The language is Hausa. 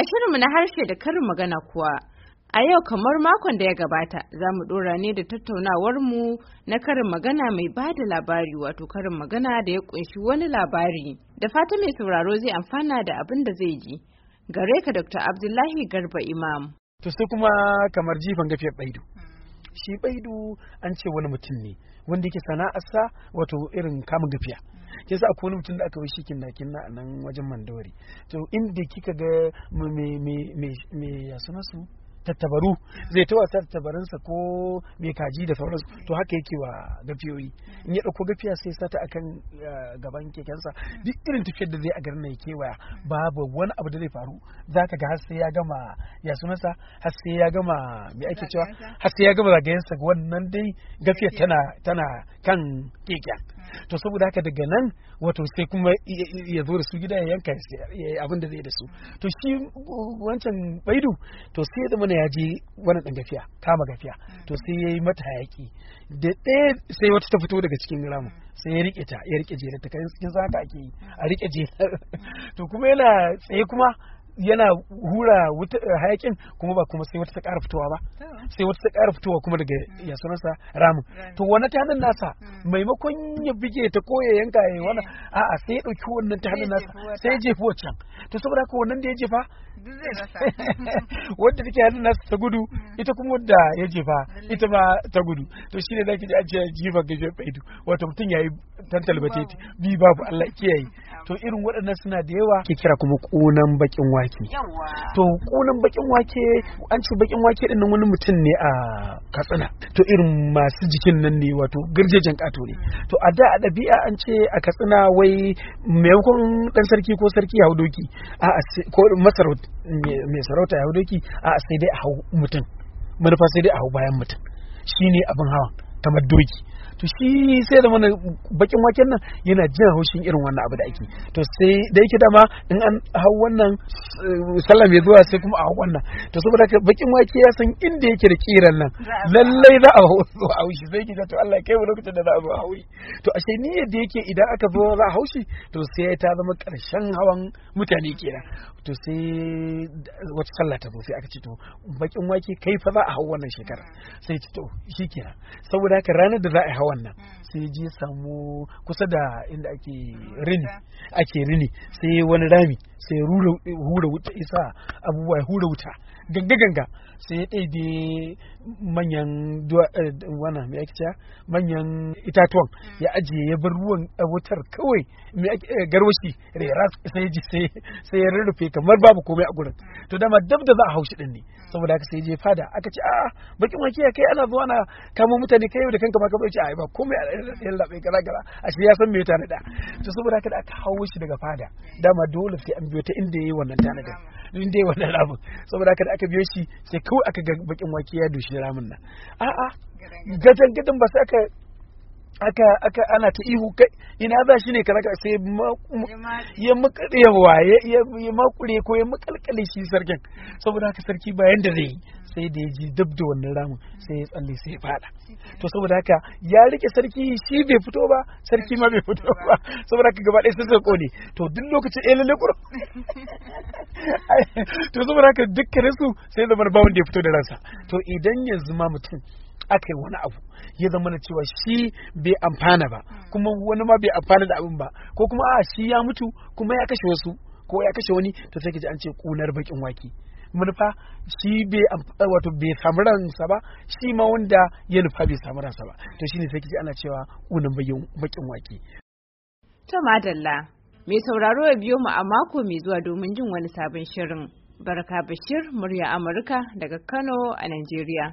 A shirinmu na harshe da karin magana kuwa, a yau kamar makon da ya gabata za mu dora ne da tattaunawarmu na karin magana mai ba da labari wato karin magana da ya kunshi wani labari. Da fata mai sauraro zai amfana da abin da zai ji. Gare ka Dr. Abdullahi Garba Imam. To sai kuma kamar jifan gafiyar baidu. Shi baidu an ce wani mutum ne wanda yake sana'arsa wato irin kamun gafiya. ke sa akwai mutum da aka wai shi kindakin na nan wajen mandori to inda kika ga me ya suna su tattabaru zai ta wasa tattabarinsa ko mai kaji da sauransu to haka yake wa gafiyoyi in ya ɗauko gafiya sai sata akan eh, gaban kekensa duk irin tafiyar da zai a garin ya kewaya babu wani abu da zai faru za ka ga har sai ya gama ya sunansa har sai ya gama mai ake cewa har sai ya gama zagayensa wannan dai gafiyar tana tana kan keken to saboda haka daga nan wato sai kuma ya zo da su gida ya yanka ya abin da zai da su to shi wancan baidu to sai da mana ya je wani dan gafiya kama gafiya to sai ya yi mata hayaki da ɗaya sai wata ta fito daga cikin ramu sai ya rike ta ya rike jerar ta kai cikin zaka ake yi a rike jerar to kuma yana tsaye kuma yana hura eh, hayakin kuma ba kuma sai wata ta ƙara fitowa ba sai wata ta ƙara fitowa kuma daga mm. ya ramin to wani ta hannun nasa mm. maimakon ya bige ta koya yanka ya wani eh. a'a sai ya ɗauki wannan ta hannun nasa sai ya jefi wancan to saboda haka wannan da ya jefa wadda take hannun nasa ta gudu mm. ita kuma wadda ya jefa ita ma ta gudu to shine zaki ji jifa ga jefa ido wato mutum ya yi tantalbace bi babu Allah kiyaye to irin waɗannan suna da yawa ke kira kuma ƙunan bakin wake wake to kunan bakin wake an ce bakin wake din wani mutum ne a katsina to irin masu jikin nan ne wato girjejen kato ne to a da a ɗabi'a an ce a katsina wai maimakon dan sarki ko sarki ya hau a ko masarauta mai sarauta ya hau doki a sai dai a hau mutum manufa sai dai a hau bayan mutum shine abin hawan ta doki to shi sai da mana bakin waken nan yana jin haushin irin wannan abu da ake to sai da yake dama in an hau wannan eh, sallah mai zuwa sai kuma a hau wannan to saboda haka bakin wake ya san inda yake da kiran nan lallai za a hau shi sai kika to Allah kai mu lokacin da za a zo hau to ashe ni yadda yake idan aka zo za a hau shi to sai ta zama karshen hawan mutane kenan to sai wata sallah ta zo sai aka ce to bakin wake kai fa za a hau wannan shekara sai ce to shikenan saboda saboda haka ranar da za a hawan nan mm. sai je samu kusa da inda ake rini ake rini sai wani rami sai hura wuta isa abubuwa hura wuta ganga ganga sai ya ɗaiɗe manyan eh, wana mai ake cewa manyan itatuwan mm. ya ajiye ya bar ruwan eh, wutar kawai eh, garwashi rera sai ji sai ya rarrufe kamar babu komai a gurin mm. to dama dab da za a haushi ɗin ne mm. saboda haka sai je fada aka ce a ah, bakin wakiya kai ana zuwa na kamo mutane kai yau da kanka ma ka bai ce a ba komai a yan labai kaza kaza ashe ya san me ya tanada to saboda haka da aka hawo shi daga fada dama dole sai an biyo ta inda yayi wannan tanadin inda yayi wannan rabin saboda haka da aka biyo shi sai kawai aka ga bakin wake ya dushi ramin nan a'a gadan gadan ba sai aka aka aka ana ta ihu kai ina za shi ne karaka sai ya yawa ya ya makure ko ya makalkale shi sarkin saboda haka sarki bayan yanda zai yi sai da ya ji dab da wannan ramin sai ya tsalle sai ya fada to saboda haka ya rike sarki shi bai fito ba sarki ma bai fito ba saboda haka gaba ɗaya sun kone to duk lokacin ɗaya eh, lalle kuro to saboda haka dukkanin su sai zama bawon da ya fito da ransa to idan yanzu ma mutum aka yi wani abu ya zama na cewa shi bai amfana ba kuma wani ma bai amfana da abin ba ko kuma a shi ya mutu kuma ya kashe wasu ko ya kashe wani to sai ji an ce kunar bakin waki manufa shi bai eh, wato bai samu ransa ba shi ma wanda ya nufa bai samu ransa ba to shine sai ji ana cewa kunan bakin waki to madalla mai sauraro ya biyo mu a mako mai zuwa domin jin wani sabon shirin baraka Bashir, murya Amurka daga Kano a Najeriya.